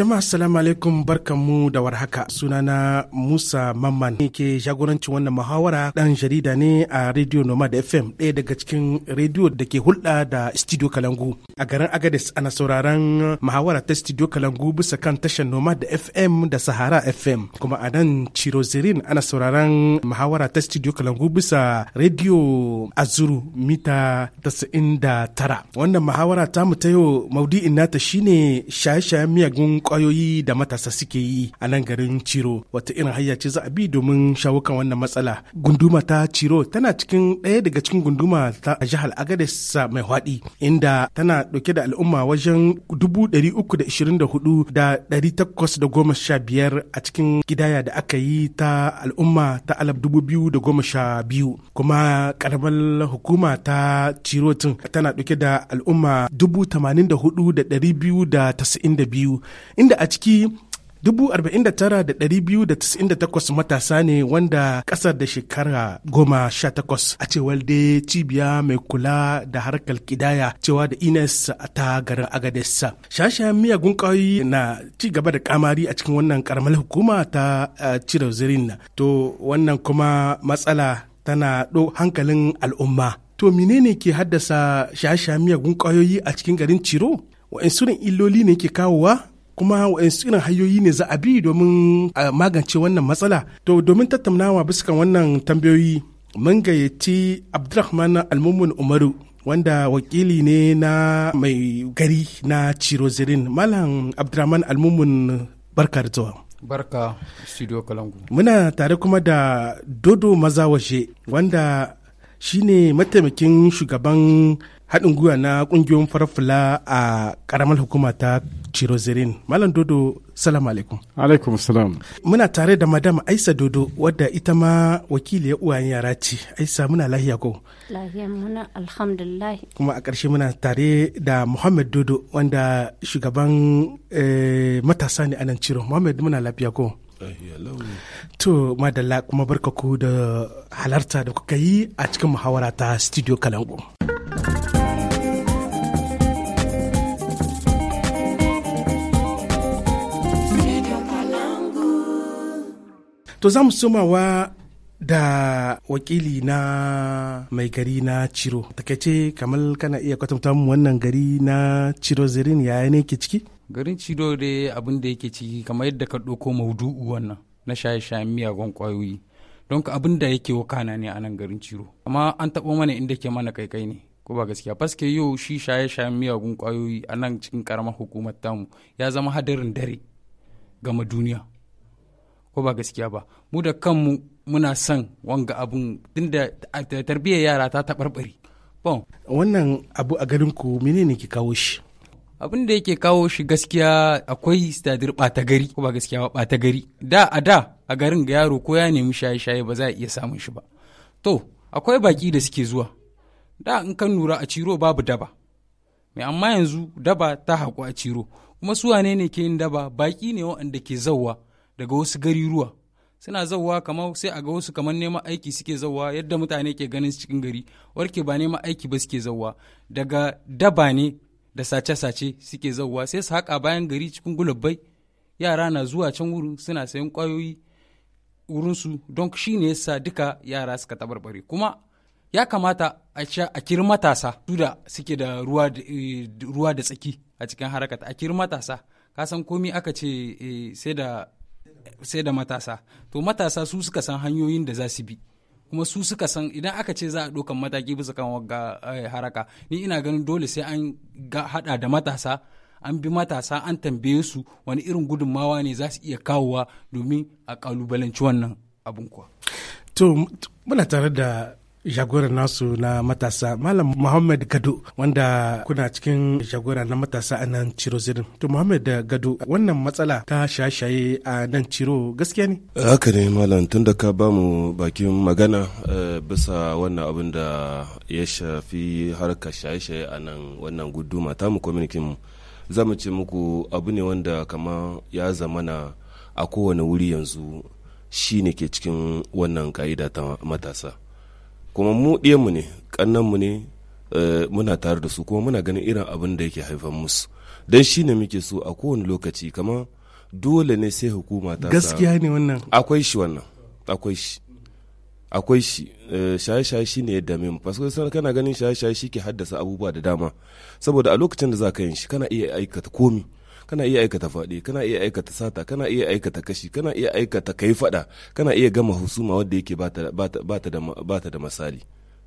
Jama'a assalamu alaikum barkanmu da warhaka sunana Musa Mamman ne ke jagorancin wannan muhawara dan jarida ne a Radio Nomad FM ɗaya daga cikin rediyo da ke hulɗa da Studio Kalangu. A garin agadis ana sauraron muhawara ta Studio Kalangu bisa kan tashar Nomad FM da Sahara FM kuma a nan Cirozirin ana sauraron muhawara ta Studio Kalangu bisa Radio Azuru mita 99. Wannan muhawara ta mu ta yau maudu'in nata shine shaye-shayen miyagun kwayoyi da matasa suke yi a nan garin Ciro wata irin hayya ce za a bi domin shawo kan wannan matsala. Gunduma ta Ciro tana cikin ɗaya daga cikin gunduma ta jihar Agadez mai hwaɗi inda tana ɗauke da al'umma wajen dubu ɗari uku da ishirin da hudu da ɗari takwas da goma sha biyar a cikin gidaya da aka yi ta al'umma ta alaf dubu biyu da goma sha biyu kuma karamar hukuma ta tun tana ɗauke da al'umma dubu tamanin da hudu da ɗari biyu da tasa'in da biyu inda a ciki dubu arba'in da da da tara biyu takwas matasa ne wanda ƙasar da shekara goma sha takwas a cewar da cibiya mai kula da harkar kidaya cewa da ines ta garin agadesa shashayen miyagun ƙauyi na ci gaba da kamari a cikin wannan karamar hukuma ta cire zirin to wannan kuma matsala tana ɗo hankalin al'umma to menene ke haddasa shashayen miyagun ƙwayoyi a cikin garin ciro wa'in surin illoli ne ke kawowa kuma waɗansu irin hanyoyi ne za a bi domin a magance wannan matsala to domin tattaunawa bisa kan wannan tambayoyi mun gayyaci abdulrahman almumun umaru wanda wakili ne na mai gari na cirozirin malam abdulrahman almumun barkar zuwa barka studio kalangu muna tare kuma da dodo maza waje wanda shine mataimakin shugaban haɗin gwiwa na ƙungiyoyin farfula a ƙaramar hukuma ta Chirozerin. malam dodo salam alaikum alaikum salam muna tare da madam aisa dodo wadda ita ma wakiliyar uwayen yara ce aisa muna lahiya ko lahiya muna alhamdulillah kuma a ƙarshe muna tare da muhammad dodo wanda shugaban eh, matasa ne a nan ciro muhammad muna lafiya ko To madalla kuma barka ku da halarta da kuka yi a cikin muhawara ta studio Kalangu. To za mu somawa da wakili na mai gari na Ciro. Takaice kamar kana iya kwatanta mu wannan gari na Ciro Zirin yaya ne ke ciki? Garin Ciro dai abin da yake ciki kamar yadda ka ɗauko maudu'u wannan na shaye-shayen miyagun ƙwayoyi. Don ka abin da yake wakana ne a nan garin Ciro. Amma an taɓo mana inda ke mana kaikai ne. Ko ba gaskiya faske yau shi shaye-shayen miyagun ƙwayoyi a nan cikin ƙaramar hukumar tamu ya zama hadarin dare gama duniya. ko ba gaskiya ba mu da kanmu muna son wanga abun tunda tarbiyyar yara ta taɓarɓare bon wannan abu a garinku ku menene ke kawo shi abin da yake kawo shi gaskiya akwai stadir ɓata gari ko ba gaskiya ba ɓata gari da a da a garin ga yaro ko ya nemi shaye-shaye ba za a iya samun shi ba to akwai baki da suke zuwa da in kan nura a ciro babu daba mai amma yanzu daba ta haƙu a ciro kuma su wane ne ke yin daba baki ne waɗanda ke zauwa daga wasu gari ruwa suna zauwa kamar sai a ga wasu kamar neman aiki suke zauwa yadda mutane ke ganin cikin gari warke ba neman aiki ba suke zauwa daga daba ne da sace-sace suke zauwa sai su haƙa bayan gari cikin gulabbai yara na zuwa can wurin suna sayan ƙwayoyi wurinsu don shi ne yasa duka yara suka tabarbare kuma ya kamata a a kiri matasa su da suke da ruwa da eh, tsaki a cikin harakata a kiri matasa kasan komi aka ce eh, sai da sai da matasa to matasa su suka san hanyoyin da za su bi kuma su suka san idan aka ce za a ɗaukan mataki bisa kan wagga eh, haraka ni ina ganin dole sai an haɗa da matasa an bi matasa an tambaye su wani irin gudunmawa ne za su iya kawowa domin a ƙalubalanci wannan abin kuwa. to muna tare da jagora nasu na matasa malam muhammad gado wanda kuna cikin jagora na matasa a nan ciro zirin to muhammad gado wannan matsala ta shashaye a nan ciro gaskiya ne haka ne malam tun da ka ba mu bakin magana eh, bisa wannan abin da ya shafi harkar shaye-shaye a nan wannan guduma ta mu kwaminikin mu za ce muku abu ne wanda kama ya zamana a kowane wuri yanzu shi ne ke cikin wannan ka'ida ta matasa kuma mu mu ne mu ne eh, muna tare da su kuma muna ganin irin abin da yake haifar musu don shi ne muke so a kowane lokaci kamar dole ne sai hukuma ta gaskiya ne wannan akwai shi wannan akwai shi akwai shi eh, shaye-shaye shi ne ya dame mu fasko san kana ganin shaye-shaye shi ke haddasa abubuwa da dama saboda a lokacin da za ka yin shi kana iya aikata komi kana iya aikata faɗi kana iya aikata sata kana iya aikata kashi kana iya aikata kai faɗa kana iya gama husuma wadda yake ba ta da misali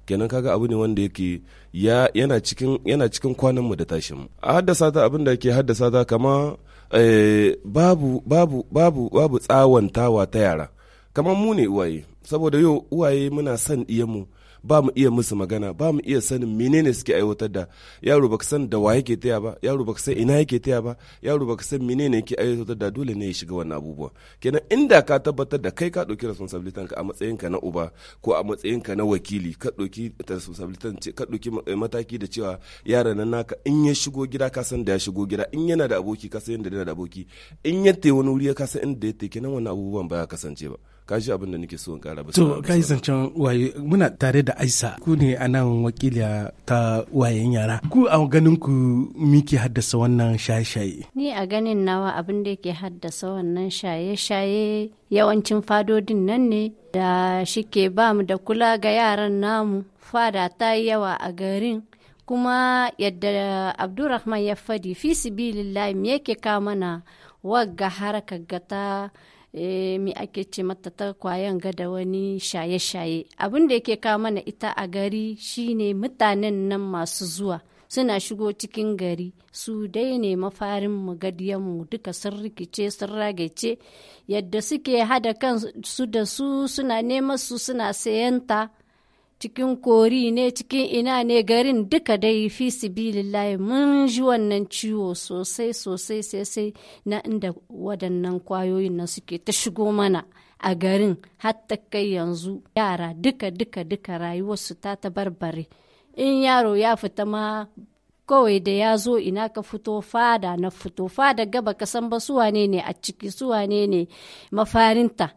kenan kaga abu ne wanda yake yana cikin yana kwanan mu da tashin mu a haddasa ta abin da yake haddasa ta kama eh, babu babu babu babu tsawantawa ta yara kamar mu ne uwaye saboda yau uwaye muna son mu ba mu iya musu magana ba mu iya sanin menene suke aiwatar da yaro baka san da wa yake taya ba yaro baka san ina yake taya ba yaro baka san menene yake aiwatar da dole ne ya shiga wannan abubuwa kenan inda ka tabbatar da kai ka ɗauki responsibility ka a matsayin ka na uba ko a matsayin ka na wakili ka ɗauki responsibility ka dauki eh, mataki da cewa yaron nan naka in ya shigo gida ka san da ya shigo gida in yana da aboki ka san yadda yana da aboki in ya wani wuri ka san inda ya kenan wannan abubuwan ba ya kasance ba ka abin da nake so in kara ba to kai zancen waye muna tare da Aisa ku ne anan wakiliya ta wayen yara ku a ganin ku miki haddasa wannan shaye-shaye ni a ganin nawa abin da yake haddasa wannan shaye-shaye yawancin fadodin nan ne da shike ba mu da kula ga yaran namu fada ta yawa a garin kuma yadda abdurrahman ya fadi fi sibilillahi me yake ka mana wagga harkar gata ta Eh, mi ake ce mata ta kwayan gada wani shaye-shaye abin da yake kawo mana ita a gari shine mutanen nan masu zuwa suna shigo cikin gari su dai ne mafarin mu duka sun rikice sun ragece yadda suke hada kansu da su suna neman su suna sayanta cikin kori ne cikin ina ne garin duka dai fi sibilillahi mun ji wannan ciwo sosai sosai sai na inda waɗannan kwayoyin na suke ta shigo mana a garin hatta kai yanzu yara duka duka duka rayuwarsu ta tabarbare in yaro ya fita ma kawai da ya zo ina ka fito fada na fito fada gaba ka san ba suwa ne a ciki su ne ne mafarinta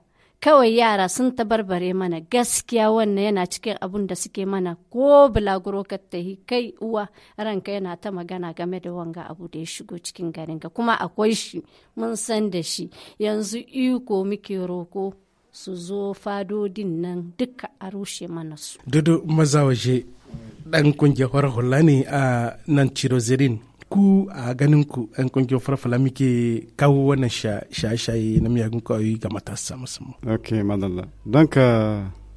kawai yara sun tabarbare mana gaskiya wannan yana cikin abun da suke mana ko bulaguro ka tahi kai uwa ranka yana ta magana game da wanga abu da ya shigo cikin garin ka kuma akwai shi mun san da shi yanzu iko muke roko su zo fadodin nan duka a rushe mana su. Dudu maza dan ɗan kungiyar hula ne a nan Cirozirin ku a ganin ku yan kungiyar farfala muke kawo wannan shaye-shaye na miyagun kawai ga matasa musamman. ok madalla don ka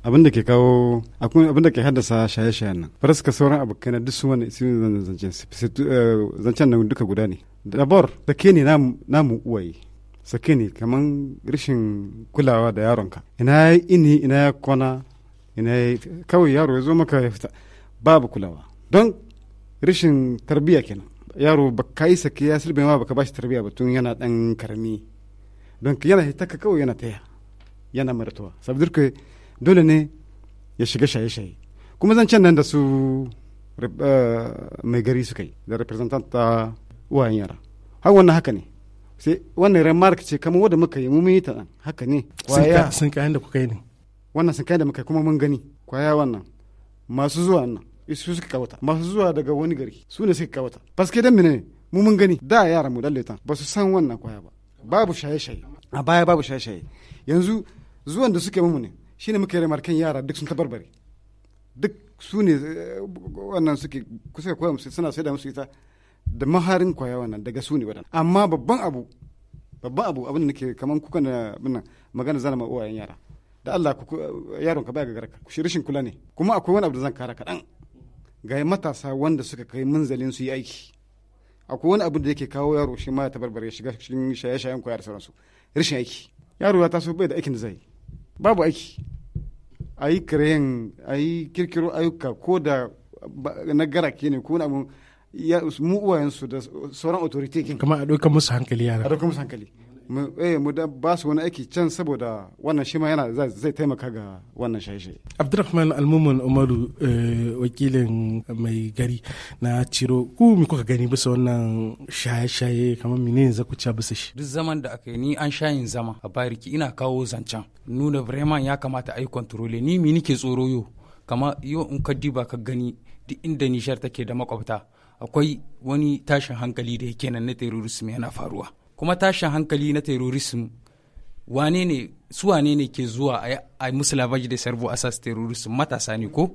abin da ke kawo abin da ke haddasa shaye shaye nan faras sauran abokai na duk su wani su zancen eh, zancen nan duka guda ne dabar da ke ne namu uwaye sake ne kamar rashin kulawa da yaronka ina ya ini ina ya kwana ina ya kawai yaro ya zo maka ya fita babu kulawa don rashin tarbiyya kenan yaro ba ka yi sake ya silbe ma baka bashi tarbiyya ba tun yana dan karami don yana hita kawai yana taya yana maratuwa saboda ka dole ne ya shiga shaye-shaye kuma zan can nan da su eh, mai gari suka yi da representant ta uwayen yara har wannan haka ne sai wannan remark ce kamar wanda muka yi mu mun yi ta haka ne sun kayan da kuka yi ne wannan sun kayan da muka kuma mun gani kwaya wannan masu zuwa nan su suka kawata masu zuwa daga wani gari su ne suka kawata paske dan menene mu mun gani da yara mu dalle ba su san wannan kwaya ba babu shaye-shaye a baya babu shaye-shaye yanzu zuwan da suke mu ne shine muke remarkan yara duk sun tabarbare duk su ne eh, wannan suke kusa koya musu suna sai da musu ita da maharin kwaya wannan daga su ne waɗanda amma babban abu babban abu abin da nake kaman kuka na muna magana zan ma uwayen yara da Allah yaron ka baya ga garka ku shirishin kula ne kuma akwai wani abu da zan kara kaɗan ga matasa wanda suka kai munzalin su yi aiki akwai wani abin da yake kawo yaro shi ma ya tabarbare shiga cikin shaye-shayen kwaya da sauransu rashin aiki yaro ya taso bai da aikin da zai babu aiki a yi kirayen a yi kirkiro ayyuka ko da na ke ne ko na abu mu uwayensu da sauran authority kin kamar a ɗaukar musu hankali yara a ɗaukar musu hankali Eh, mu da ba su wani aiki can saboda wannan shi ma yana zai taimaka ga wannan shaishe. Abdurrahman Almumun Umaru eh, wakilin mai gari na Ciro ku mi kuka gani bisa wannan shaye-shaye kamar mine za ku ci bisa shi. Duk zaman da aka yi ni an shayin zama a bariki ina kawo zancen nuna Bremen ya kamata a yi kontrole ni mi nike tsoro yo kama yo in ka diba ka gani duk inda Nishar take da makwabta akwai wani tashin hankali da yake nan na terrorism yana faruwa. kuma tashin hankali na terrorism wane ne su wane ne ke zuwa a musu da sarbo asas terrorism matasa ne ko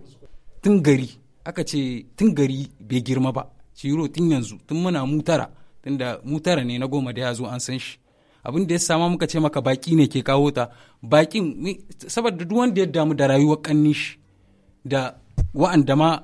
tun gari aka ce tun gari bai girma ba ciro tun yanzu tun muna mutara tunda mutara ne na goma da ya zo an san shi abin da ya sama muka ce maka baki ne ke kawo ta bakin saboda duk wanda ya damu da rayuwar kanni shi da wa'anda ma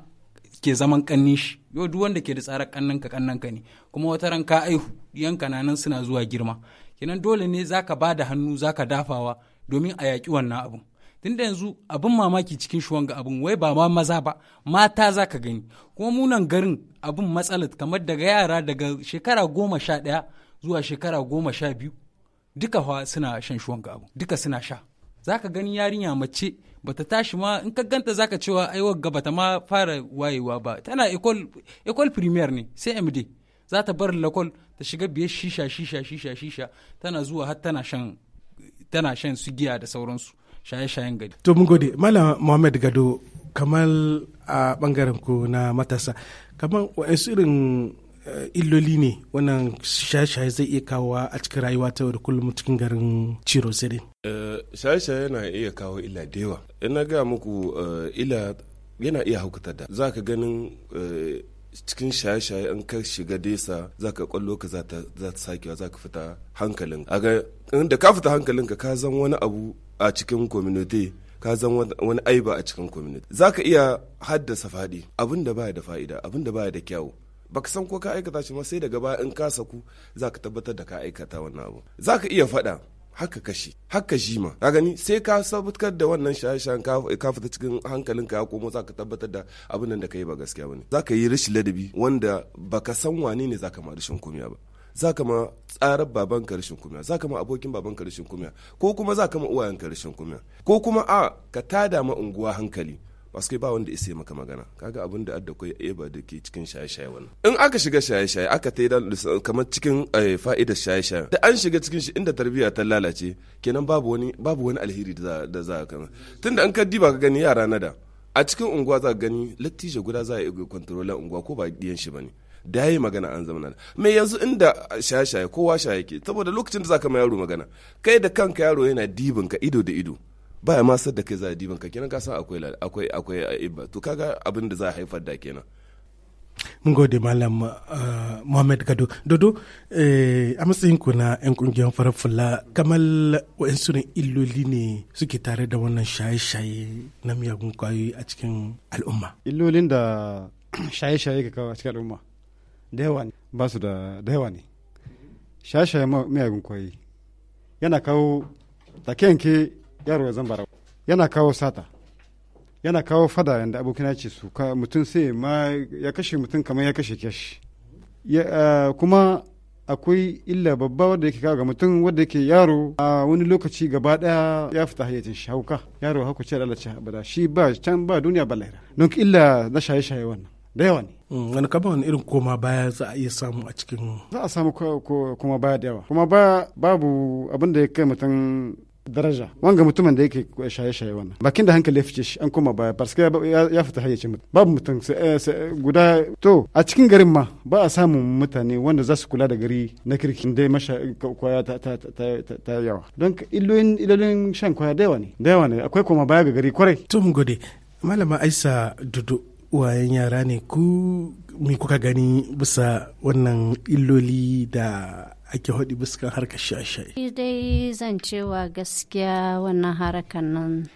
ke zaman kanni shi yau duk wanda ke da tsarar kannan ka kannan ka ne kuma wata ran ka aihu yan kananan suna zuwa girma kenan dole ne zaka ba da hannu zaka dafawa domin a yaƙi wannan abun tun da yanzu abin mamaki cikin shuwan abin wai ba ma maza ba mata za ka gani kuma munan garin abin matsalat kamar daga yara daga shekara goma sha ɗaya zuwa shekara goma sha biyu duka fa suna shan shuwan abin duka suna sha za ka gani yarinya mace bata tashi ma in ka ganta za ka cewa ai gaba bata ma fara wayewa ba tana ecole ecole ne sai md za ta bar lakol ta shiga biye shisha shisha shisha shisha tana zuwa har tana shan tana shan su giya da sauransu shaye-shayen gari to mun gode malam muhammad gado kamar a bangaren ku na matasa kamar wa'ansu irin eh, illoli ne wannan shaye-shaye zai iya kawo a cikin rayuwa ta da kullum cikin garin ciro sirin eh, shaye-shaye yana iya kawo illa da yawa ina ga muku eh, illa yana iya haukata da za ka ganin cikin shaye-shaye in ka shiga desa za ka kwallo ka za ta sakewa za ka fita hankalin aga da ka fita hankalin ka zan wani abu a cikin community ka zan wani aiba a cikin community za ka iya haddasa faɗi abin da baya da fa'ida abin da baya da kyawu baka san ko ka aikata shi ma sai daga baya in ka saku za ka tabbatar da ka aikata wannan abu za ka iya faɗa haka kashe haka jima ka gani sai ka sabutkar da wannan shaye-shayen ka fita cikin hankalin ka komo za ka tabbatar da abin da ka yi ba gaskiya ba ne. za ka yi rashin ladabi wanda ba ka san wane ne za ka ma rashin kumiya ba za ka ma tsarar baban ka rashin kumiya za ka ma abokin baban ka rashin kumiya ko kuma za ka ma uwayen ka rashin kumiya ko kuma a ka tada ma unguwa hankali ba su ba wanda isa maka magana kaga abin da adda kai eba eh, da ke cikin shaye-shaye wannan in aka shiga shaye-shaye aka ta dan kamar cikin eh, fa'idar shaye-shaye da an shiga cikin shi inda tarbiyya ta lalace kenan babu wani babu wani alheri da za ka tunda an ka diba ka gani yara na da a cikin unguwa za ka gani lattijo guda za a iya kwantarolan unguwa ko ba diyan shi bane da yayi magana an zama nan me yanzu inda shaye-shaye kowa shaye ke saboda lokacin da za ma yaro magana kai da kanka yaro yana dibin ka ido da ido baya ma sadda kai za a dibin ka kenan ka san akwai akwai akwai ibba to kaga abin da za a haifar da kenan mun gode malam muhammad mohamed gado dodo eh, a matsayin ku na 'yan kungiyar farar fula kamar wa'yansu ne illoli ne suke tare da wannan shaye-shaye na miyagun kwayoyi a cikin al'umma illolin da shaye-shaye ka kawo a cikin al'umma da yawa ne ba su da yawa ne shaye-shaye miyagun kwayoyi yana kawo take yanke yaro ya zambara yana kawo sata yana kawo fada abokin abokina ce su mutum sai ma ya kashe mutum kamar ya kashe kyashi kuma akwai illa babba wadda yake kawo ga mutum wadda yake yaro a wani lokaci gaba daya ya fita hayyacin shahuka yaro hako ce da Allah abada shi ba can ba duniya ba lahira don illa na shaye shaye wannan da yawa ne mm, wani kama wani irin koma baya za a iya samu a cikin za a samu koma baya da yawa kuma ba babu abin da ya kai mutum daraja wanga mutumin da yake shaye-shaye wannan bakin da hankali ya fice shi an koma baya parce ya fita hayyace mutum babu mutum eh, guda to a cikin garin ma ba a samun mutane wanda za su kula da gari na kirki dai masha kwaya ta yawa don illolin shan kwaya da yawa ne da yawa ne akwai koma baya ga gari kwarai to gode malama aisa dudu wayan yara ne ku me kuka gani bisa wannan illoli da ake haɗi bisa harkar shaye-shaye. dai zan cewa gaskiya wannan harkar nan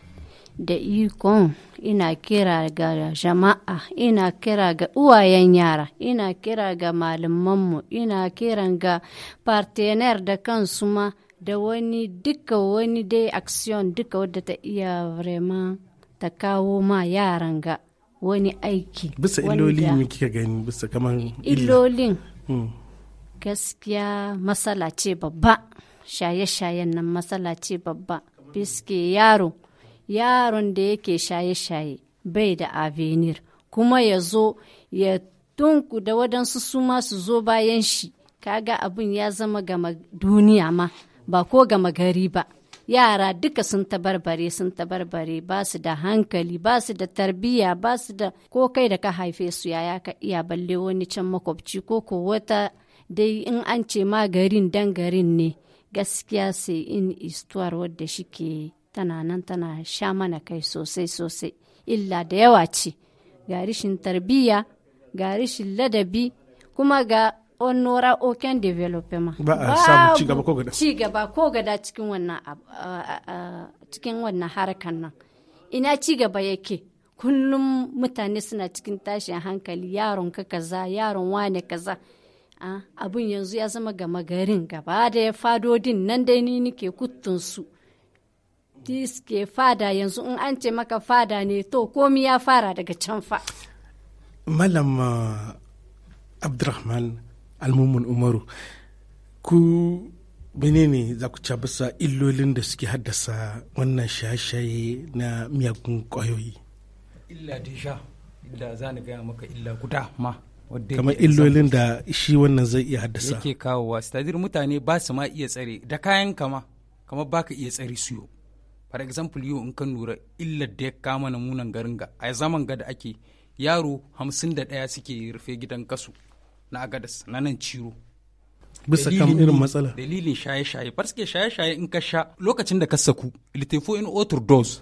da ikon ina kira ga jama'a ina kira ga uwayen yara ina kira ga malamanmu ina kiran ga partenaire da kansu ma da wani duka wani dai action duka wadda ta iya vraiment ta kawo ma yaran ga wani aiki bisa illolin ne kika gani bisa kamar illolin hmm. gaskiya matsala ce babba shaye-shayen nan matsala ce babba biske yaro yaron da yake shaye-shaye bai da avenir kuma ya zo ya tunku da wadansu su ma su zo bayan shi kaga abin ya zama gama duniya ma ba ko gama gari ba yara duka sun tabarbare sun tabarbare ba su da hankali ba su da tarbiyya ba su da ko kai da ka haife su yaya ka iya balle wani can makwabci ko ko wata dai in an ce ma garin dan garin ne gaskiya sai in istuwar wadda shike tana nan tana sha mana kai sosai sosai illa da yawa ce ga rishin tarbiyya ga rishin ladabi kuma ga onora nora aucun ba a samu cigaba ko gada gaba ko gada cikin wannan cikin wannan harkan nan ina cigaba yake kullum mutane suna cikin tashin hankali yaron ka kaza yaron wane kaza abun yanzu ya zama gama garin gaba da ya fadodin nan dai ni nike kuttun su diske fada yanzu in an ce maka fada ne to komi ya fara daga can fa malam uh, abdurrahman almumun umaru ku menene za ku ci bisa illolin da suke haddasa wannan shaye-shaye na miyagun kwayoyi illa sha illa za ni gaya maka illa guda ma kamar illolin da shi wannan zai iya haddasa yake kawowa stadir mutane ba su ma iya tsare da kayan kama kamar ka iya tsare suyo for example yau in ka lura illar da ya kama namunan garin ga a zaman ga da ake yaro hamsin da ɗaya suke rufe gidan kasu na agadas na nan ciro bisa kan irin matsala dalilin shaye-shaye barske shaye-shaye in ka sha lokacin da ka saku litefo in otur dose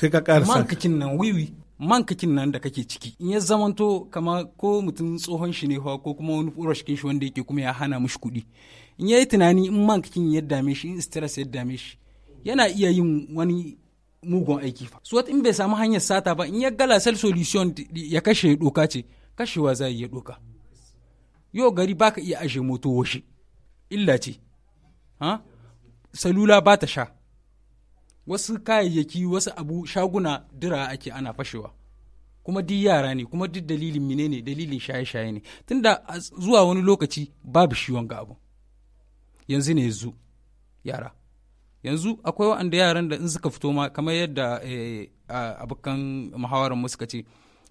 sai ka ƙara sa kakin nan wiwi man kakin nan da kake ciki in ya zamanto kama ko mutum tsohon shi ne fa ko kuma wani urash shi wanda yake kuma ya hana mushi kuɗi in yayi tunani in man kakin ya dame shi in stress ya dame shi yana iya yin wani mugun aiki fa so in bai samu hanyar sata ba in ya gala sel solution ya kashe doka ce kashewa zai ya doka yo gari baka iya ashe moto washe illa ce ha salula ba ta sha wasu kayayyaki wasu abu shaguna dira ake ana fashewa kuma duk yara ne kuma duk dalilin mine ne dalilin shaye-shaye ne tunda zuwa wani lokaci babu shi wanga abu yanzu ne yanzu yara yanzu akwai waɗanda yaran da in suka fito ma kamar yadda eh, abokan muhawarar mu suka ce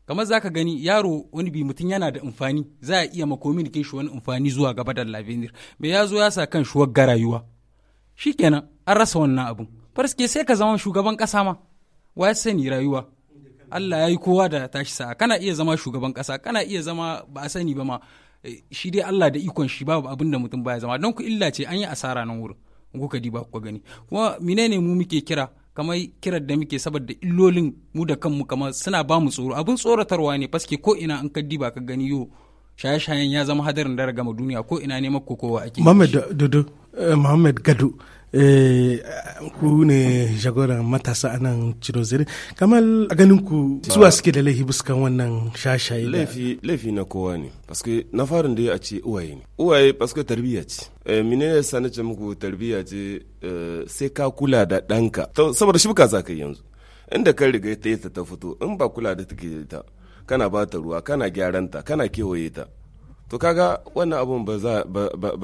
kamar za ka gani yaro wani bi mutum yana da amfani za a iya makominikin shi wani amfani zuwa gaba da lavenir bai ya zo ya sa kan shi ga rayuwa kenan an rasa wannan abun farske sai ka zama shugaban kasa ma wa sani rayuwa Allah ya yi kowa da tashi sa kana iya zama shugaban kasa kana iya zama ba a sani ba ma eh, shi dai Allah da ikon shi babu abin da mutum baya zama don ku illa ce an yi asara nan wurin kuka diba kuka gani kuma menene mu muke kira kamar kiran da muke saboda illolin mu da kanmu kamar suna ba mu tsoro abin tsoratarwa ne paske ko ina an kaddi ba ka gani yo shaye-shayen ya zama hadarin dara gama duniya ko ina ne kokowa ake Muhammad Dodo eh, Gado Eh, ku ne jagoran matasa a nan cirozere kamar a ganin ku zuwa suke da laifi buskan wannan shashaye laifi laifi na kowa ne paske na farin da a ce uwaye ne uwaye paske tarbiyya ce eh, mine ne sa ce muku tarbiyya ce eh, sai ka kula da ɗanka saboda shi za ka yanzu inda kan riga ta ta fito in ba kula da take ta kana ba ta ruwa kana gyaranta kana kewaye ta to kaga wannan abun ba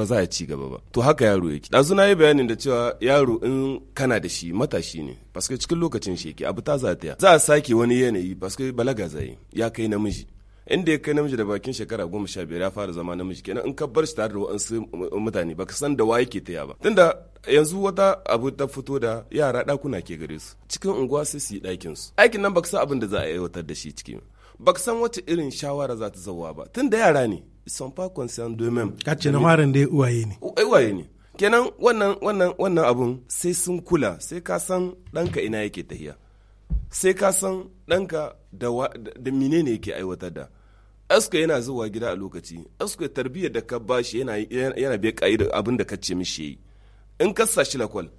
za a ci gaba ba to haka yaro yake ɗazu na yi bayanin da cewa yaro in kana da shi matashi ne paske cikin lokacin shi abu ta za ta za a sake wani yanayi paske balaga zai ya kai namiji inda ya kai namiji da bakin shekara goma sha biyar ya fara zama namiji kenan in ka bar shi tare da wa'ansu mutane ba ka san da wa yake taya ba tunda yanzu wata abu ta fito da yara ɗakuna ke gare su cikin unguwa sai su yi ɗakin su aikin nan ba ka san abin da za a aiwatar da shi ciki ka san wacce irin shawara za ta zauwa ba tunda yara ne sont pas conscients d'eux-mêmes kacin harin dai uwaye ne eh, uwaye ne kenan wannan wannan wannan abun sai sun kula sai ka san danka ina yake tahiya sai ka san danka da, da, menene yake aiwatar da aska yana zuwa gida a lokaci aska tarbiyyar da ka bashi yana yana bai kaida abin da ka ce mishi yi in ka sa shi lakwal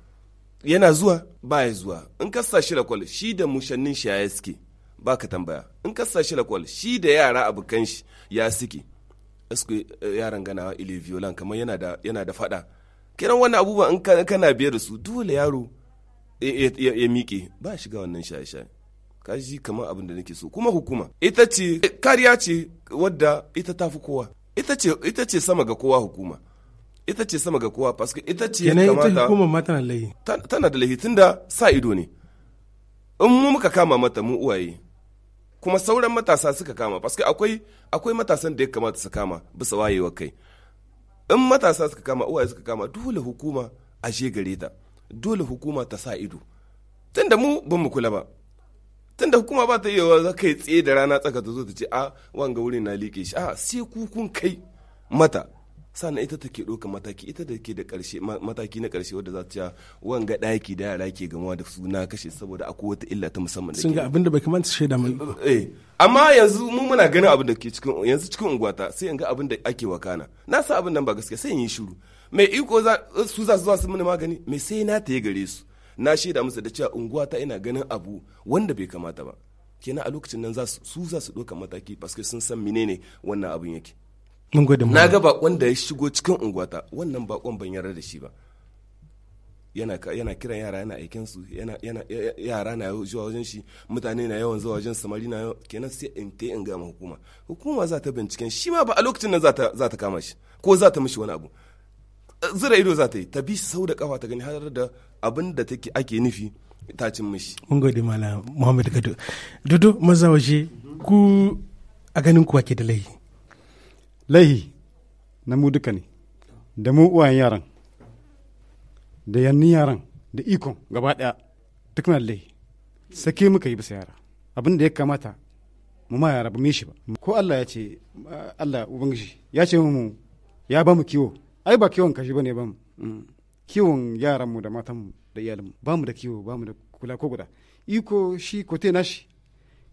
yana zuwa ba ya zuwa in ka sa shi lakwal shi da mushannin shi ya suke ba ka tambaya in ka sa shi lakwal shi da yara abukan shi ya suke eske eh, yaran ganawa ile violan kamar yana da yana da fada kiran wannan abubuwa in kana biye da su dole yaro ya miƙe ba shi ga wannan shaye kaji kamar abin da nake so kuma hukuma ita ce kariya ce wadda ita ta fi kowa ita ce ita ce sama ga kowa hukuma ita ce sama ga kowa paske ita ce kamata ita hukuma ma tana da lahi tana da lahi tunda sa ido ne in mu muka kama mata mu uwaye kuma sauran matasa suka kama paske akwai akwai matasan da ya kamata su kama bisa wayewa kai in matasa suka kama uwaye suka kama dole hukuma a gare ta dole hukuma ta sa ido tunda mu ban mu kula ba tunda hukuma ba ta iya za kai tsaye da rana tsaka ta zo ta ce a ah, wanga wurin na liƙe shi a ah, sai ku kun kai mata sannan ita take ɗauka mataki ita da ke da ƙarshe mataki na ƙarshe wadda za ta ja wanga ɗaki da yara ke gamuwa da suna kashe saboda akwai wata illa ta musamman sun ga abin da bai kamata shaida mai eh, amma yanzu mu muna ganin abin da ke cikin yanzu cikin unguwata sai in ga abin da ake wakana na sa abin nan ba gaskiya sai in yi shiru mai iko su za su su mini magani mai sai na ta gare su na shaida musu da cewa unguwata ina ganin abu wanda bai kamata ba kenan a lokacin nan su za su ɗauka mataki paske sun san menene wannan abin yake mun gode na ga bakon da ya shigo cikin unguwata wannan bakon ban yarda da shi ba yana yana kiran yara yana aikin su yana yana yara na zuwa wajen shi mutane na yawan zuwa wajen samari na kenan sai in te in ga hukuma hukuma za ta binciken shi ma ba a lokacin nan za ta za ta kama shi ko za ta mishi wani abu zira ido za ta yi ta bi sau da kafa ta gani har da abin da take ake nufi ta cin mishi mun gode malam muhammad kado dodo mazawaje ku a ganin kuwa ke da laifi laihi na mu duka ne da mu uwayen yaran da yannin yaran da ikon gaba daya duk na laihi sake muka yi bisa yara abin da ya kamata mu ma yara ba mu shi ba ko Allah ya ce Allah ubangiji ya ce mu ya ba mu kiwo ai ba kiwon kashi bane ba mu mm. kiwon yaran mu da matan mu da iyalin mu ba mu da kiwo ba mu da kula ko guda iko shi ko te nashi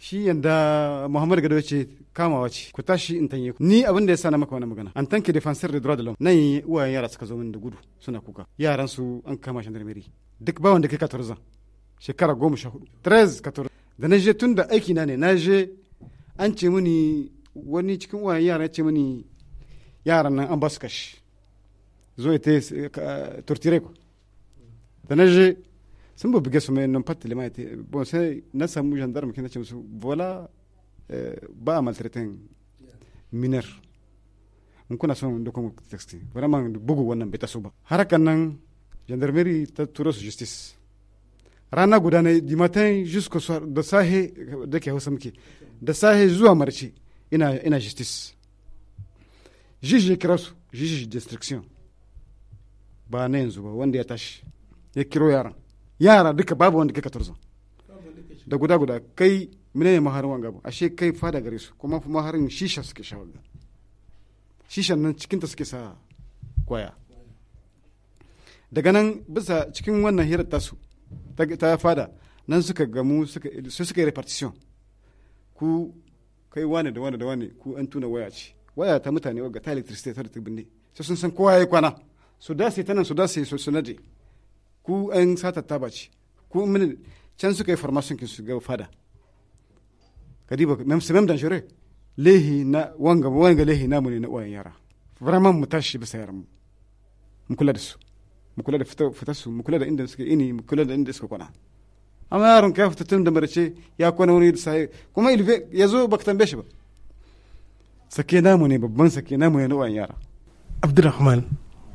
shi yanda Muhammad Gado ce kamawa ce ku tashi in tanye ku ni abin da ya sana maka wani magana an tanke defenseur de droit de l'homme nan uwayen yara suka zo min da gudu suna kuka yaran su an kama gendarmerie duk ba wanda kai 14 shekara 14 13 14 da na je tun da aiki na ne na je an ce mini wani cikin uwayen yara ce mini yaran nan an ba su kashi zo ita eh, eh, tortire ku da na je sun bubbuge su mai non fatti limati bon sai na samu gendarme kina ce musu bola eh, ba a maltraitin miner in kuna son da kuma texti vraiment bugu wannan bai taso ba harakan nan gendarmerie ta turo su justice rana guda ne di matin jusqu'au soir da sahe da ke hausa muke da sahe zuwa marci ina ina justice juge ya kira su juge d'instruction ba na yanzu ba wanda ya tashi ya kiro yaran yara duka babu wanda kika turzon da guda guda kai mene ne maharin wanga ashe kai fada gare su kuma maharin shisha suke sha wanga shishan nan cikinta suke sa kwaya daga nan bisa cikin wannan hirar tasu ta fada nan suka gamu su suka yi repartition ku kai wane da wane da wane ku an tuna waya ce waya ta mutane wagga ta electricity ta da binne sai sun san kowa ya kwana su dace ta nan su dace su nade ku ɗan sata ta bace ku mini can suka yi formation kin su ga fada kadiba mem su dan jure lehi na wanga wanga lehi na muni na uwan yara vraiment mu tashi bisa yaran mu mu kula da su mu kula da fitar su mu kula da inda suke ini mu kula da inda suka kwana amma yaron ka fita tun da marace ya kwana wani sai kuma ilve ya zo baka tambaye shi ba sake namu ne babban sake namu ne na uwan yara abdurrahman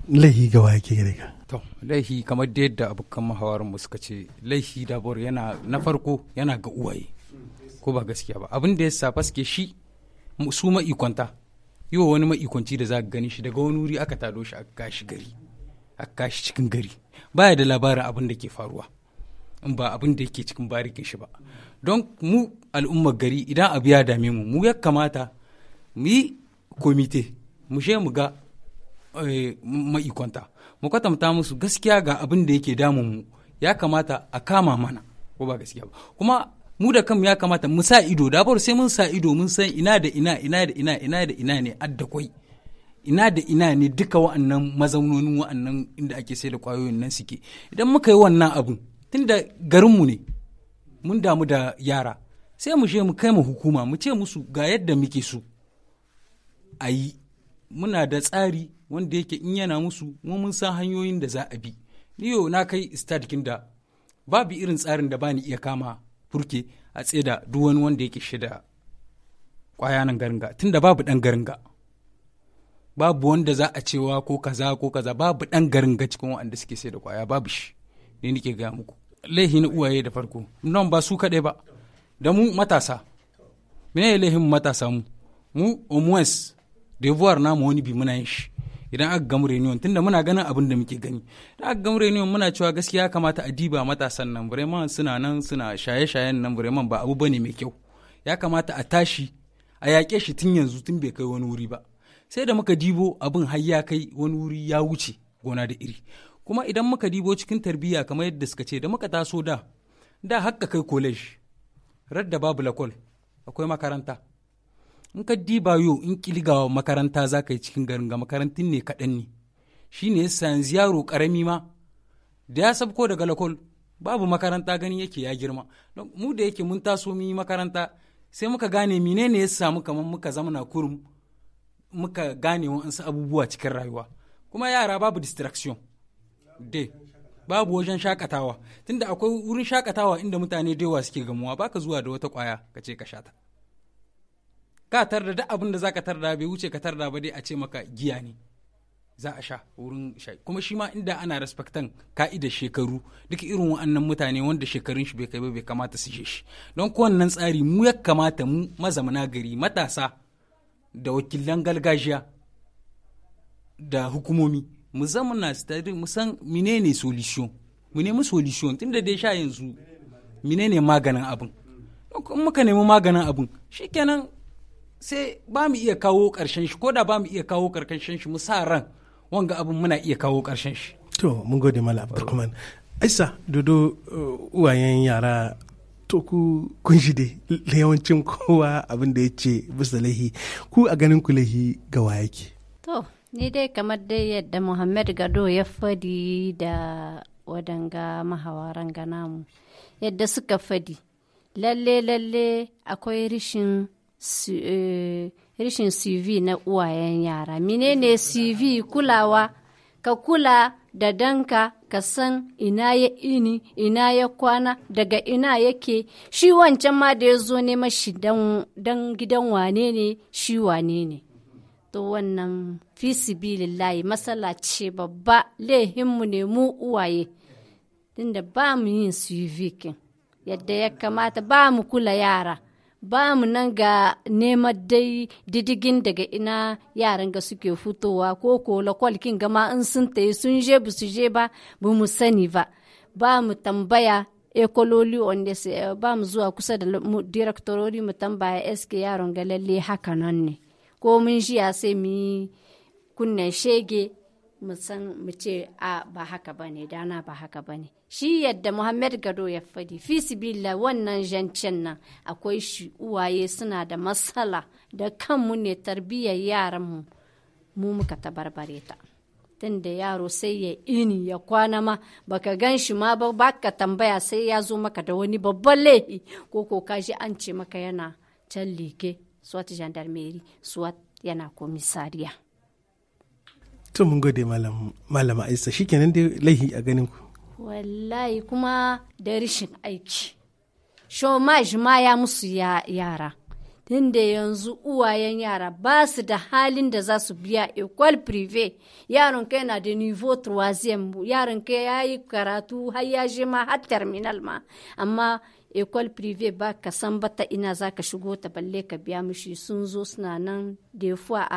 lehi gawa yake gare ka to laihi kamar da yadda abokan mahawar mu suka ce laihi dabor yana na farko yana ga uwaye ko ba gaskiya ba abin da ya sa faske shi su ma'ikonta yi wa wani ma'ikonci da za ka gani shi daga wani wuri aka tado shi aka kashi gari aka kashi cikin gari baya da labarin abin da ke faruwa in ba abin da yake cikin barikin shi ba don mu al'ummar gari idan abu ya dame mu mu ya kamata mu yi komite mu she mu ga eh, ma'ikonta mu kwatanta musu gaskiya ga abin da yake damun mu ya kamata a kama mana ko ba gaskiya ba kuma mu da kanmu ya kamata mu sa ido da sai mun sa ido mun san ina da ina ina da ina ina da ina ne adda kwai ina da ina ne duka wa'annan mazaunonin wa'annan inda ake sai da kwayoyin nan suke idan muka yi wannan abin tunda garinmu ne mun damu da yara sai mu je mu kai mu hukuma mu ce musu ga yadda muke so a yi muna da tsari wanda yake in yana musu mu mun san hanyoyin da za a bi niyo na kai stadikin da babu irin tsarin da bani iya kama furke a da duk wani wanda yake shida kwaya nan garinga tunda babu dan garinga babu wanda za a cewa ko kaza ko kaza babu dan garinga cikin waɗanda suke sai da kwaya babu shi ne nake ga muku laihi na uwaye da farko nan ba su kadai ba da mu matasa mene laihin matasa mu mu omwes devoir namu wani bi muna yin shi idan aka gamu reunion tunda muna ganin abin da muke gani da aka gamu reunion muna cewa gaskiya kamata a diba matasan nan bremen suna nan suna shaye-shayen nan bremen ba abu bane mai kyau ya kamata a tashi a yaƙe shi tun yanzu tun bai kai wani wuri ba sai da muka dibo abin har ya kai wani wuri ya wuce gona da iri kuma idan muka dibo cikin tarbiyya kamar yadda suka ce da muka taso da da hakka kai college radda babu lakol akwai makaranta in ka diba yau in kiligawa makaranta za ka yi cikin garin ga makarantun ne kaɗan ne shi ne yanzu yaro ƙarami ma da ya sabko daga lakol babu makaranta gani yake ya girma mu da yake mun taso mu yi makaranta sai muka gane menene ya samu kamar muka zamana kurum muka gane wa'ansu abubuwa cikin rayuwa kuma yara babu distraction de babu wajen shakatawa tunda akwai wurin shakatawa inda mutane da yawa suke gamuwa baka zuwa da wata kwaya ka ce ka shata ka tarda duk abin da zaka tarda bai wuce ka tarda ba dai a ce maka giya ne za a sha wurin shayi kuma shi ma inda ana respectan ka'idar shekaru duk irin wa'annan mutane wanda shekarun shi bai kai ba bai kamata su je shi don kowannan tsari mu ya kamata mu mazamana gari matasa da wakilan galgajiya da hukumomi mu zamana na tare mu san menene solution mu nemi solution tunda dai sha yanzu menene maganin abin kuma muka nemi maganin abin shikenan sai ba mu iya kawo ƙarshen shi ko da ba mu iya kawo ƙarshen shi mu sa ran wanga abin muna iya kawo ƙarshen shi to mun gode mala Abdulkuman. aisa dodo uh, uwayen yara to ku kun shi dai yawancin kowa abin da ya ce bisa lahi ku a ganin ku lahi ga wa yake to ni dai kamar dai yadda muhammad gado ya fadi da wadanga mahawaran ganamu yadda suka fadi lalle lalle akwai rishin Eh, rashin CV na uwayen yara. Menene CV kulawa? Ka kula da danka ka san ina ya ini, ina ya kwana, daga ina yake, shi wancan ma da ya zo nema shi dan gidan wane ne, shi wane ne. To wannan fisibilillahi matsala ce babba laihinmu ne mu uwaye, tunda ba mu yin CV yadda ya kamata ba mu kula yara. ba mu nan ga neman dai didigin daga ina yaran ga suke fitowa ko ko lakwalkin gama in sun tayi sun je bu su je ba bu mu sani ba ba mu tambaya ekololi wanda ba mu zuwa kusa da direktorori mu tambaya eske yaron ga lalle haka nan ne ko mun jiya sai mu yi kunnen shege musan mu ce a ba haka ba ne dana ba haka ba ne shi yadda muhammad gado ya fadi fisibila wannan zancen nan akwai shi uwaye suna da matsala da kanmu ne tarbiyyar yaranmu mu muka tabarbare ta tunda yaro sai ya ini ya kwana ma baka gan shi ma ba baka tambaya sai ya zo maka da wani babban laifi ko ko kashi an ce maka yana can like swat gendarmerie swat yana komisariya to mun gode malam malama aisa shikenan dai laihi a ganin ku wallahi kuma da rishin aiki shomaj ma ya musu yara tunda yanzu uwayen yara ba su da halin da za su biya equal prive yaron kai na da nivo troisième yaron kai ya yi karatu har ya je ma har terminal ma amma equal prive ba ka san bata ina za ka shigo ta balle ka biya mishi sun zo suna nan da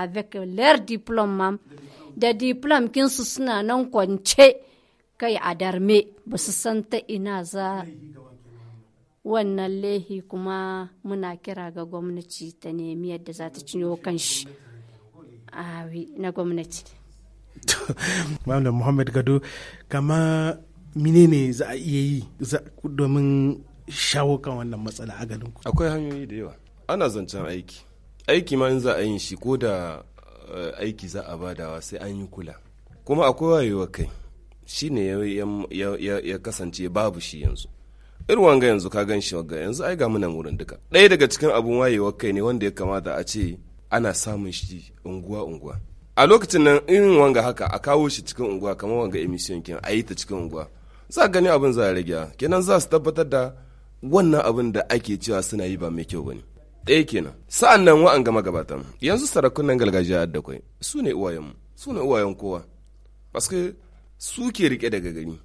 avec leur diplôme ma da diplom kinsu suna nan kwance kai a darme ba su san ta ina za wannan lehi kuma muna kira ga gwamnati ta nemi yadda za ta cinyo kanshi na gwamnati Malam Muhammad Gado, kama menene za a iya yi domin shawo kan wannan matsala a ku akwai hanyoyi da yawa ana zancen aiki aiki ma in za a yin shi ko da Eh, aiki za a badawa sai an yi kula kuma akwai wayewa kai shi ne ya kasance babu shi yanzu irin wanga yanzu ka gan shi wanga yanzu ai ga mu wurin duka ɗaya daga cikin abun wayewa kai ne wanda ya kamata a ce ana samun shi unguwa unguwa a lokacin nan irin wanga haka a kawo shi cikin unguwa kamar wanga emission kin a yi ta cikin unguwa za gani abin za a rage kenan za su tabbatar da wannan abin da ake cewa suna yi ba mai kyau ba ne. ɗaya kenan sa'an nan wa'an gama gabatan yanzu sarakunan gargajiya da kwai su ne uwayenmu su ne uwayen kowa paske su ke rike daga gani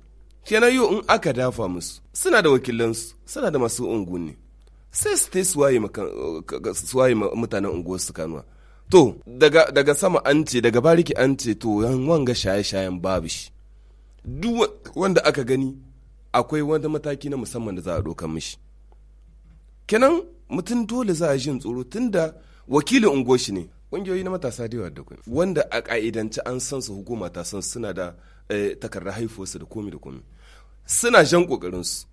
kenan yau in aka dafa musu suna da wakilansu suna da masu unguwanni sai su tai su waye mutanen unguwar su kanuwa to daga, daga sama an ce daga bariki an ce to yan wanga shaye-shayen babu shi duk wanda aka gani akwai wani mataki na musamman da za a ɗaukan mishi kenan mutum dole za a jin tsoro tunda wakilin ungoshi ne ƙungiyoyi na matasa da yawa da wanda a ƙa'idance an san su hukuma ta san suna da eh, takarda haifuwarsu da komi da komi suna jan ƙoƙarinsu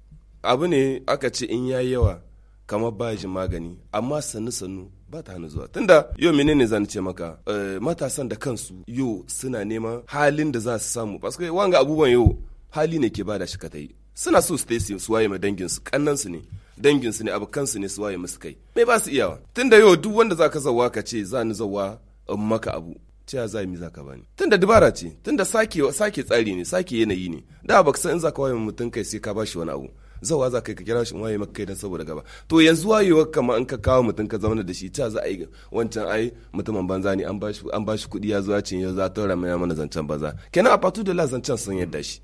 abu ne aka ce in yayi yawa kamar ba ji magani amma sannu sannu ba ta hana zuwa tunda yau menene zan ce maka eh, matasan da kansu yau suna neman halin da za su samu paske wanga abubuwan yau hali ne ke bada shi ka ta yi. suna so su su waye ma dangin su kannan su ne danginsu ne abokansu ne su waye musu kai me ba su iyawa tunda yau duk wanda zaka zawa ka ce za ni zawa in maka abu cewa za mi zaka bani tunda dubara ce tunda sake sake tsari ne sake yanayi ne da ka san in zaka waye mutum kai sai ka bashi wani abu zawa za ka kira shi waye maka kai dan saboda gaba to yanzu wayewar kama in ka kawo mutum ka zauna da shi ta za a yi wancan ai mutumin banza ne an bashi kuɗi ya zuwa cin yau za ta rama mana zancen banza kenan a fatu da la zancen sun yadda shi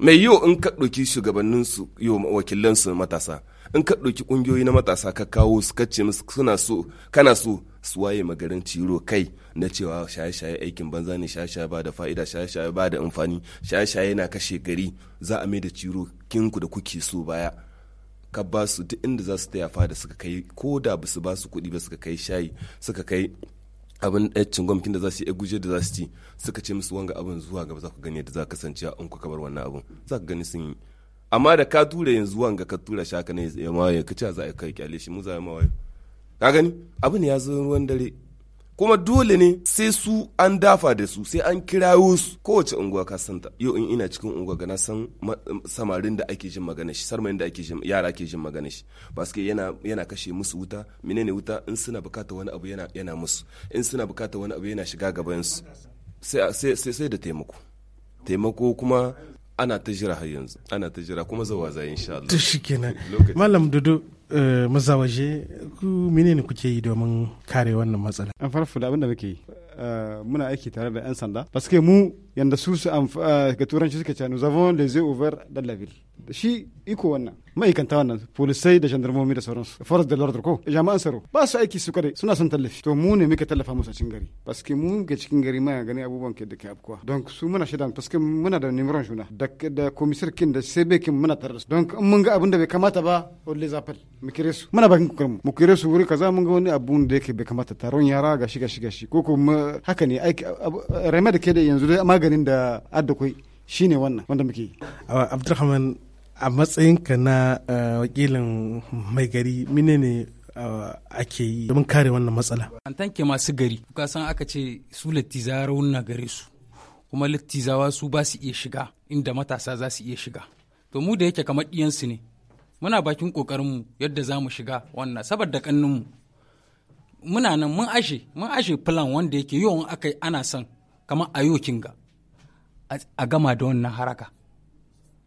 mai yau in ka ɗauki shugabanninsu yau wakilansu matasa in ka ɗauki ƙungiyoyi na matasa ka kawo su kace musu suna so kana so su waye magarin ciro kai na cewa shaye-shaye aikin banza ne shaye-shaye ba da fa'ida shaye-shaye ba da amfani shaye-shaye na kashe gari za a mai da ciro kinku da kuke so baya ka ba su duk inda za su taya fada suka kai ko da ba su ba su kuɗi ba suka kai shayi suka kai abin ɗaya eh, cingwamkin da za su yi eh, guje da za su ci suka ce musu wanga abin zuwa gaba za ku gani yadda za ka kasance in kuka bar wannan abin za ka gani sun yi amma da ka tura yanzu wanga ka tura shaka ne ya mawaye ka ce za a kai kyale shi mu za a mawaye ka gani abin ya zo ruwan dare kuma dole ne sai su an dafa da su sai an kirawo su kowace unguwa ka santa yau in ina cikin unguwa gana san samarin da ake jin magana shi sarmayin da ake jin yara ke jin magana shi baske yana yana kashe musu wuta menene wuta in suna bukata wani abu yana yana musu in suna bukata wani abu yana shiga gaban su sai sai sai da taimako taimako kuma ana ta jira har yanzu ana ta jira kuma zawa zai insha Allah to shikenan malam dudu Eh, mazawaje ku menene kuke yi domin kare wannan matsala an farfada abin da muke yi eh, muna aiki tare da 'yan sanda paske mu yanda su ah, ga turanci suke cewa nous avons les yeux ouverts dans la ville shi iko wannan ma'aikanta wannan polisai da gendarmomi da sauransu force de l'ordre ko jami'an tsaro ba su aiki su kare suna son tallafi to mu ne muka tallafa musu a cikin gari paske mu ga cikin gari ma gani abubuwan ke da ke abkuwa don su muna shida paske muna da nimeron juna da da commissaire kin da sebe kin muna tarar da su don mun ga abin da bai kamata ba on les appelle mu kire su muna bakin kokarin mu kire su wuri kaza mun ga wani abun da yake bai kamata taron yara gashi gashi gashi ko ko haka ne aiki remedy ke da yanzu dai magani maganin da addakwai shine wannan wanda muke yi abdulrahman a matsayinka na eh, wakilin mai gari mine ne eh, ake yi domin kare wannan matsala an tanke masu gari ka san aka ce su lattiza rauna gare su kuma lattizawa su ba su iya shiga inda matasa za su iya shiga to mu da yake kamar ɗiyansu ne muna bakin ƙoƙarinmu yadda za mu shiga wannan saboda ƙanninmu muna nan mun ashe mun ashe plan wanda yake yawan aka ana son kamar a yokin ga a gama da wannan haraka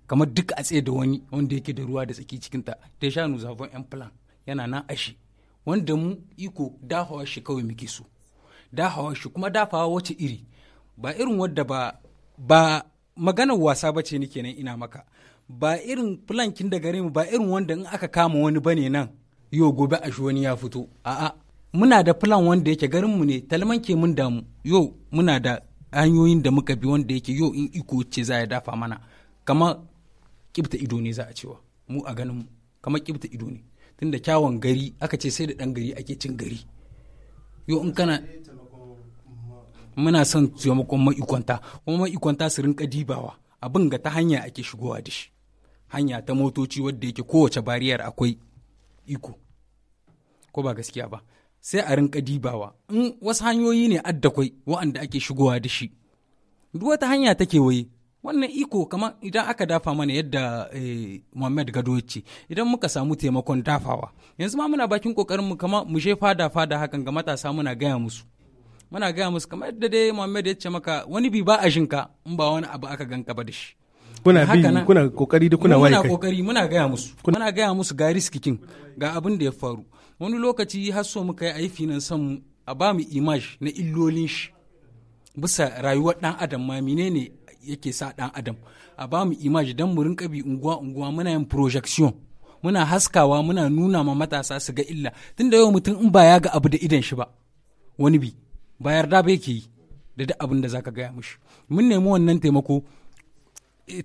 kamar duk a tsaye da wani wanda yake da ruwa da tsaki cikin ta da sha nu yan plan yana nan ashe wanda mu iko dafawa shi kawai muke so dafawa shi kuma dafawa wace iri ba irin wadda ba ba maganar wasa ba ce ni kenan ina maka ba irin plankin da gare mu ba irin wanda in aka kama wani bane nan yo gobe a shi wani ya fito a'a muna da plan wanda yake garin mu ne talman ke mun damu yo muna da hanyoyin da muka bi wanda yake yau in iko ce za ya dafa mana kama kibta ido ne za a cewa mu a ganin kama kibta ido ne tunda kyawun gari aka ce sai da dan gari ake cin gari yau in kana muna son taimakon ma'ikwanta kuma ikonta su rinka dibawa abin ga ta hanya ake shigowa da shi hanya ta motoci wadda yake kowace bariyar akwai iko ko ba gaskiya ba sai a rinka dibawa in wasu hanyoyi ne addakwai wa'anda ake shigowa da shi duk wata hanya take waye wannan iko kamar idan aka dafa mana yadda eh, Muhammad Gado ce idan muka samu taimakon dafawa yanzu ma muna bakin kokarin mu kama mu je fada fada hakan ga matasa muna gaya musu muna gaya musu kamar yadda dai Muhammad ya ce maka wani bi ba a shinka in ba wani abu aka ganka ba da shi kuna bi kuna kokari da kuna waye muna kokari muna gaya musu muna gaya musu ga riskikin ga abin da ya faru wani lokaci har so muka yi aifi nan san a ba mu imaj na illolin shi bisa rayuwar dan adam ma menene yake sa dan adam a ba mu imaj dan mu rinka bi unguwa unguwa muna yin projection muna haskawa muna nuna ma matasa su ga illa tunda yau mutum in ba ya ga abu da idan shi ba wani bi ba yarda ba yake yi da duk abin da zaka gaya mishi mun nemi wannan taimako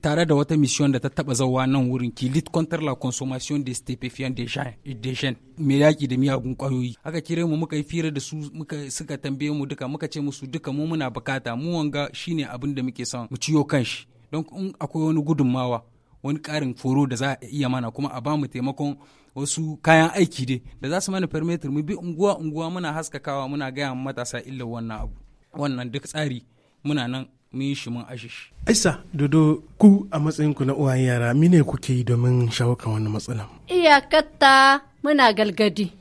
tare da wata mission da ta taba zauwa nan wurin ki lit contre la consommation des stupéfiants des gens des jeunes me yaki da miyagun kwayoyi aka kire mu muka yi fira da su muka suka tambaye mu duka muka ce musu duka mu muna bukata mu wanga shine abin da muke son mu ciyo kanshi don in akwai wani gudunmawa wani karin foro da za a iya mana kuma a bamu taimakon wasu kayan aiki dai da za su mana permitir mu bi unguwa unguwa muna haskakawa muna gaya matasa illar wannan abu wannan duk tsari muna nan mu yi shi mun ashe Aisa, Dodo, ku a matsayinku na uwayen yara, mine kuke yi domin shawo kan wani matsala? Iyakatta muna galgadi.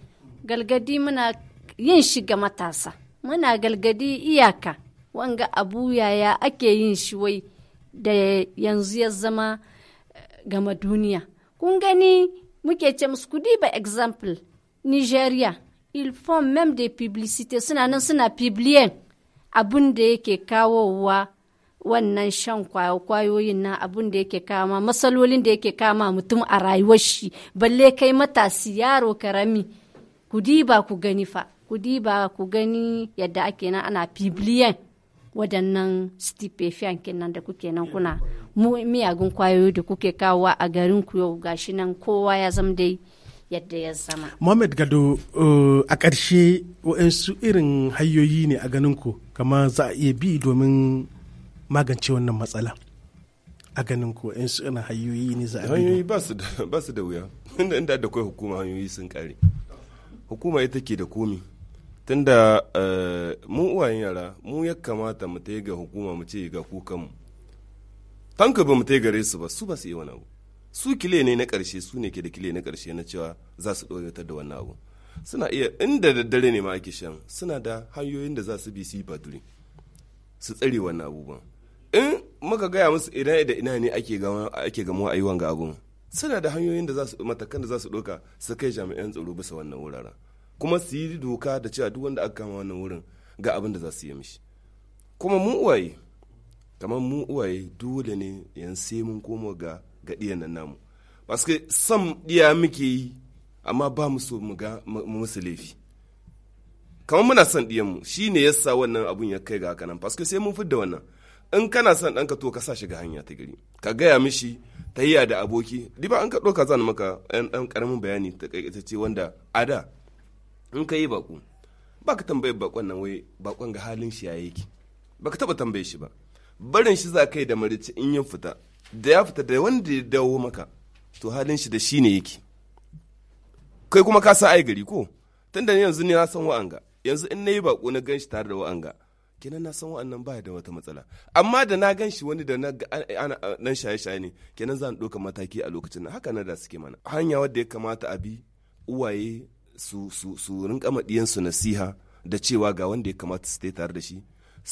Galgadi muna yin shi ga matasa. Muna galgadi iyaka. Wanga abu yaya ake yin shi wai da yanzu ya zama eh, gama duniya. Kun gani muke ce musu kudi ba example Nigeria. il font même des publicités suna nan suna publier abun da yake kawowa wannan shan kwayoyin na abun da yake kama matsalolin da yake kama mutum a rayuwar shi balle kai matasi yaro karami ku diba ku gani fa ku diba ku gani yadda ake nan ana bibliyan waɗannan stupefyan kenan da kuke nan kuna miyagun kwayoyi da kuke kawo a garin ku yau gashi nan kowa ya zama dai yadda ya zama. mohammed Gado eh, a ƙarshe wa'ansu irin hanyoyi ne a ganin ku kamar za a iya bi domin magance wannan matsala a ganin ko in su irin hanyoyi ne za a hanyoyi ba su da wuya inda da kai hukuma hanyoyi sun kare hukuma ita ke da komi tunda eh, mu uwayen yara mu ya kamata mu ga hukuma mu ce ga mu tanka ba mu ta gare su ba su ba su yi wani abu su kile ne na karshe su ne ke da kile na karshe na cewa za su ɗoyatar da wannan abu suna iya inda da dare ne ma ake shan suna da hanyoyin da za su bi su yi baturi su tsare wannan abubuwan in muka gaya musu ina da ina ne ake gamuwa a yi wanga abun suna da hanyoyin da za su matakan da za su ɗauka su kai jami'an tsaro bisa wannan wuraren kuma su yi doka da cewa duk wanda aka kama wannan wurin ga abin da za su yi mishi kuma mu uwaye kamar mu uwaye dole ne yan sai mun koma ga ga nan namu paske sam diya muke yi amma ba mu so mu ga musu laifi kamar muna son diyanmu shine yasa wannan abun ya kai ga haka nan paske sai mun fidda wannan in kana son ɗanka to ka sa shiga hanya ta gari ka gaya mishi tayya da aboki diba an ka ɗauka zan maka ɗan ɗan ƙaramin bayani ta ce wanda a da in ka yi baƙo ba ka tambayi baƙon nan wai baƙon ga halin shi ya yake ba ka taɓa tambaye shi ba barin shi za ka yi da marici in yin fita da ya fita da wanda ya dawo maka to halin shi da shi ne yake kai kuma ka sa ai gari ko tunda yanzu ne na san wa'anga yanzu in na yi baƙo na gan shi tare da wa'anga kenan na san wa'annan baya da wata matsala amma da na gan shi wani da na nan shaye-shaye ne kenan zan ɗauka mataki a lokacin nan haka na da suke mana hanya wadda ya kamata a bi uwaye su su su rinka maɗiyansu nasiha da cewa ga wanda ya kamata su tare da shi su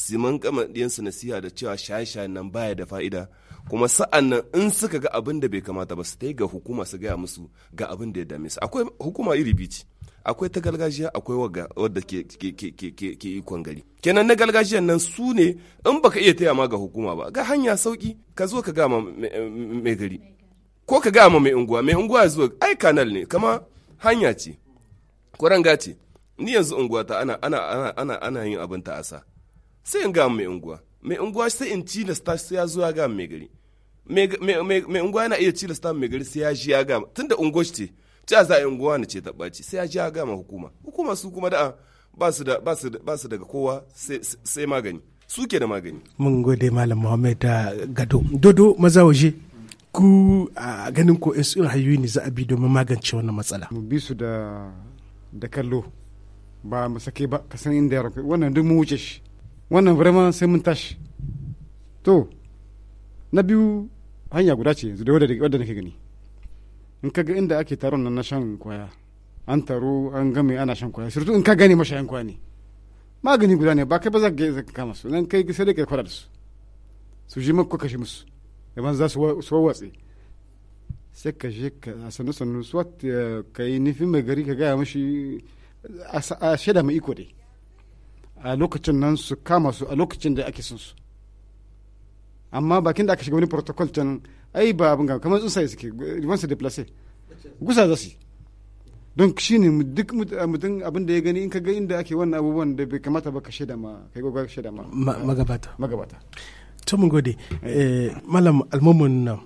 siman kamaɗiyansu nasiha da cewa shaye shaye nan baya da fa'ida kuma sa'an nan in suka ga abin da bai kamata ba su ta ga hukuma su gaya musu ga abin da ya dame su akwai hukuma iri bici akwai ta gargajiya akwai wadda ke ke ikon gari kenan na gargajiyan nan su ne in baka iya taya ma ga hukuma ba ga hanya sauki ka zo ka gama mai gari ko ka gama mai unguwa mai unguwa zuwa ai kanal ne kama hanya ce kuranga ce ni yanzu unguwa ta ana ana ana ana ana yin abin ta asa sai in gama mai unguwa mai unguwa sai in ci da sai ya zuwa gama mai gari mai unguwa yana iya ci da mai gari sai ya ji ya gama tunda unguwa ce ta za in gowa ce ta ɓaci sai ya ji ya gama hukuma hukuma su kuma da ba su da ba su daga kowa sai magani su ke da magani mun gode malam muhammad da gado dodo maza waje ku a ganin ko in hanyoyi ne za a bi domin magance wannan matsala mu bi su da da kallo ba mu sake ba ka san inda yaran wannan duk mu wuce shi wannan vraiment sai mun tashi to na biyu hanya guda ce yanzu da wadda nake gani in ka ga inda ake taron nan na shan kwaya an taro an gami ana shan kwaya surtu in ka gane mashayan kwaya ne magani guda ne ba kai ba za ka kama su nan kai sai dai ka kwada da su su ji maka kashe musu yaban za su watse sai ka je ka sanu sanu swat eh, ka yi nufin mai gari ka gaya mashi a shaida mai iko dai a lokacin nan su kama su a lokacin da ake son su amma bakin da aka shiga wani protocol can ai ba abin ga kamar tsuntsaye suke wani su deplace gusa za su don shi ne duk mutum abin da ya gani in ka ga inda ake wannan abubuwan da bai kamata ba ka shaida ma kai gwagwa shaida ma magabata magabata to mun gode eh. Eh, malam almumun eh,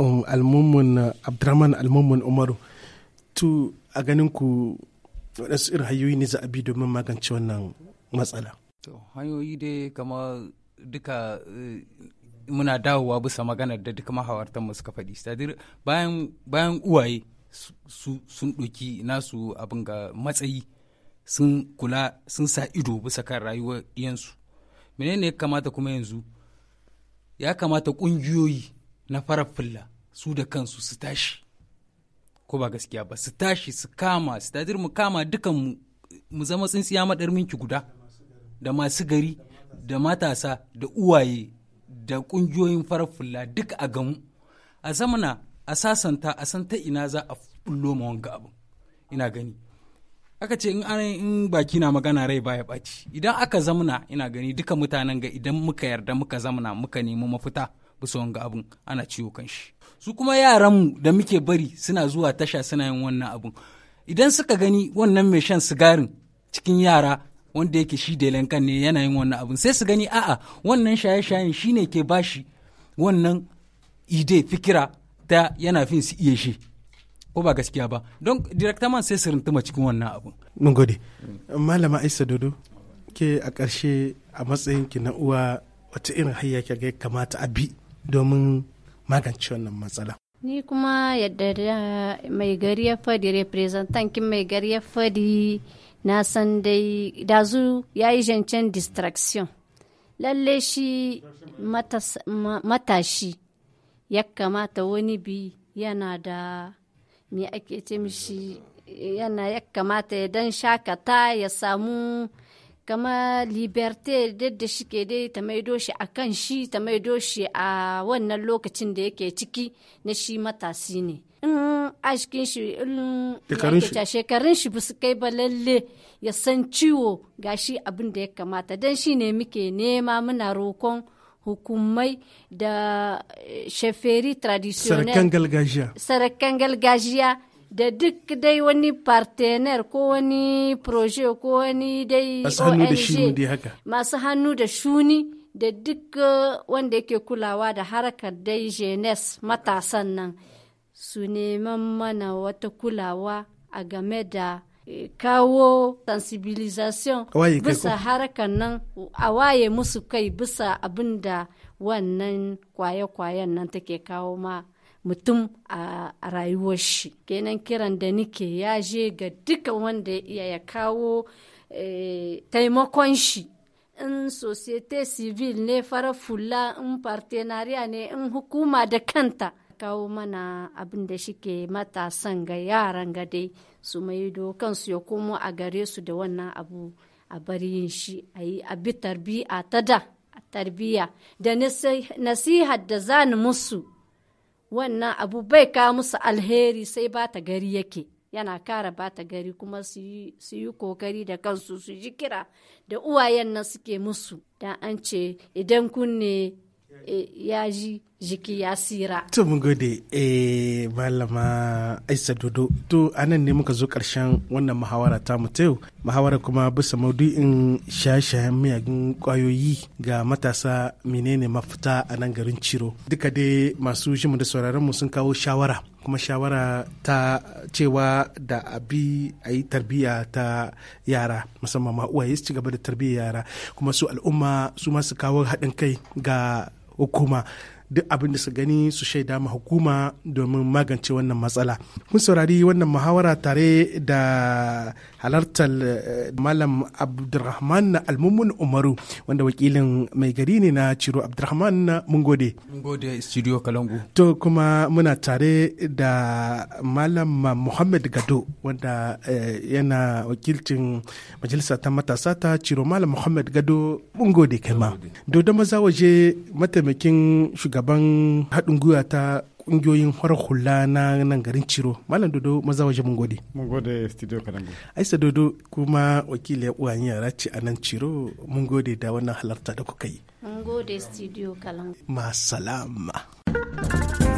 um, almumun Abdraman almumun umaru tu a ganin ku wadansu irin hanyoyi ne za a bi domin magance wannan matsala to hanyoyi dai kamar duka eh, muna dawowa bisa maganar da duka mahawartanmu suka faɗi sadir bayan uwaye sun ɗoki nasu abin ga matsayi sun kula sun sa ido bisa kan rayuwar yansu menene ya kamata kuma yanzu ya kamata ƙungiyoyi na farar fulla su da kansu su tashi ko ba gaskiya ba su tashi su kama su mu kama dukan mu zama tsintsiya maɗar minki guda da masu gari da matasa da uwaye da ƙungiyoyin farar fulla duk a gamu a zamana a sasanta a san ta ina za a bullo ma wanga abu ina gani aka ce in in baki na magana rai baya baci idan aka zamana ina gani duka mutanen ga idan muka yarda muka zamana muka nemi mafita bisa wanga abun ana ciwo kan shi su kuma yaranmu da muke bari suna zuwa tasha suna yin wannan abun idan suka gani wannan mai shan sigarin cikin yara wanda yake shi da lankan ne yana yin wannan abin sai su gani a'a wannan shaye-shayen shi ne ke bashi wannan ide fikira ta yana fin su iya shi ko ba gaskiya ba don directement sai su rintuma cikin wannan abin mun gode malama aisa dodo ke a ƙarshe a matsayin ki na uwa wata irin hayya ke ga kamata a bi domin magance wannan matsala ni kuma yadda mai gari ya fadi representant mai gari ya fadi na san dai dazu ya yi zancen distraction lalle shi matashi ya kamata wani bi yana da me ake ce mishi yana ya kamata ya dan shakata ya samu kama liberté da shi ke dai ta maido shi a kan shi ta maido shi a wannan lokacin da yake ciki na shi matasi ne in ashikin shi in shekarun shi ba kai ba lalle ya san ciwo gashi abin da ya kamata don shi ne muke nema muna rokon hukumai da sheferi eh, traditional sarakan gargajiya da duk dai wani partener ko wani proje ko wani dai ong masu hannu da shuni da duk eh, wanda yake kulawa da harkar dai jenes matasan nan su neman mana wata kulawa a game da eh, kawo sensibilisation bisa harkar nan a waye musu kai bisa abin da wannan kwaye-kwayen nan take kawo ma mutum a rayuwar shi kenan kiran da nike ya je ga duka wanda ya kawo eh, taimakon shi in societe civil ne fara fula in partenariya ne in hukuma da kanta kawo mana abin da shike matasan ga yaran gade su su maido kansu ya komo a gare su da wannan abu a bari shi a yi abi tarbiya ta da tarbiya da nasihar da zani musu wannan abu bai ka musu alheri sai ba ta gari yake yana kara ba ta gari kuma su yi kokari da kansu su ji kira da uwayen nan suke musu da an ce idan kunne e, ya ji jiki ya sira. To mun gode eh malama Aisha Dodo. To anan ne muka zo karshen wannan muhawara ta mu yau. Muhawara kuma bisa maudu'in shaye-shayen miyagun kwayoyi ga matasa menene mafita a nan garin Ciro. Duka dai masu shimu da sauraron mu sun kawo shawara kuma shawara ta cewa da abi a yi tarbiyya ta yara musamman ma uwaye su ci gaba da tarbiyya yara kuma su al'umma su masu kawo haɗin kai ga hukuma duk abin da su gani su shaida ma hukuma domin magance wannan matsala kun saurari wannan muhawara tare da halartar eh, malam abdulrahman almumun umaru wanda wakilin mai gari ne na ciro abdulrahman mun gode mun gode studio kalangu to kuma muna tare da malam muhammad gado wanda eh, yana wakilcin majalisa ta matasa ta ciro malam muhammad gado mun gode kai ma dodon maza waje mataimakin shugaban haɗin gwiwa ta kungiyoyin farar hula na nan garin Ciro. Malam Dodo maza waje mun gode. Mun gode studio Kalangu. Aisha Dodo kuma wakiliyar uwayen yara ce a nan Ciro mun gode da wannan halarta da kuka yi. Mun gode studio Kalangu. Ma salama.